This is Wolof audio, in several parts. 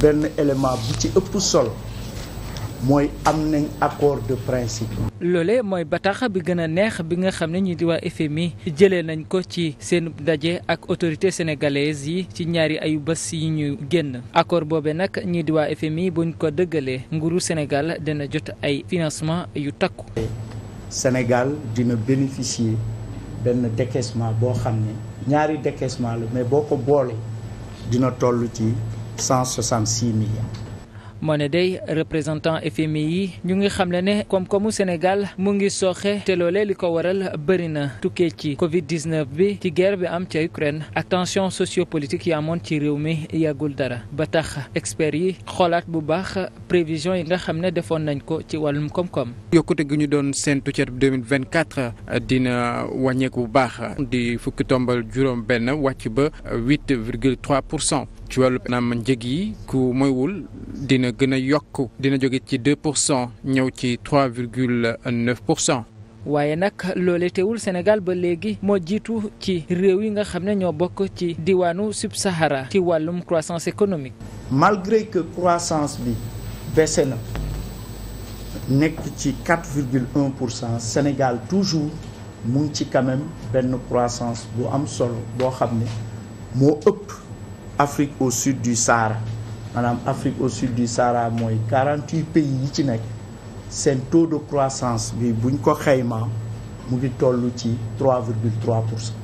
benn élément bu ci ëpp sol mooy am nañ accord de principe. loole mooy bataax bi gën a neex bi nga xam ne ñi di waa FMI jëlee nañ ko ci seen daje ak autorité sénégalaise yi ci ñaari ayu bés yi ñu génn accord boobe nag ñi di waa FMI buñ ko dëggalee nguuru Sénégal dina jot ay financement yu takku. Sénégal dina bénéficier benn décaissement boo xam ne ñaari décaissement la mais boo ko boole dina toll ci. 166 milliards. moo ne day représentant FMI yi ñu ngi xam ne koom-koomu Sénégal mu ngi sooxe te loolee li ko waral bëri na tukkee ci Covid 19 bi ci guerre bi am ca Ukraine ak tension sociopolitique yi amoon ci réew mi yàggul dara ba tax experts yi xoolaat bu baax prévision yi nga xam ne defoon nañ ko ci wàllum koom-koom. yokkute gi ñu doon séntu ca 2024 dina wàññeeku bu baax di fukki tombal juróom-benn wàcc ba 8 virgule 3 pour cent. ci wàllu naam njëg yi ku moywul dina gën a yokk dina jóge ci 2 pour cent ñëw ci 3 virgule 9 pour cent. waaye nag loole teewul Sénégal ba léegi moo jiitu ci réew yi nga xam ne ñoo bokk ci diwaanu sub-Sahara ci wàllum croissance économique. malgré que croissance bi baissé na nekk ci 4 pour cent Sénégal toujours mu ngi ci quand même benn croissance bu am solo boo xam ne moo ëpp. Afrique au sud du Sahara maanaam Afrique au sud du Sahara mooy 48 pays yi ci nekk seen taux de croissance bi buñ ko xaymaa mu ngi tollu ci 3,3 pour cent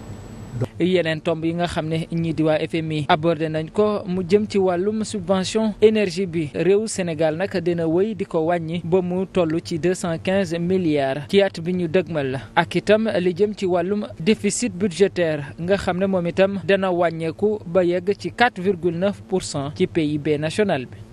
yeneen tomb yi nga xam ne ñii di waa FMI abordé nañ ko mu jëm ci wàllum subvention énergie bi réew Sénégal nag dina woy di ko wàññi ba mu toll ci deux cent quinze milliards ci at bi ñu dëgmal la ak itam li jëm ci wàllum déficit budgétaire nga xam ne moom itam dana wàññeeku ba yegg ci quatre virgule neuf pour cent ci PIB national bi.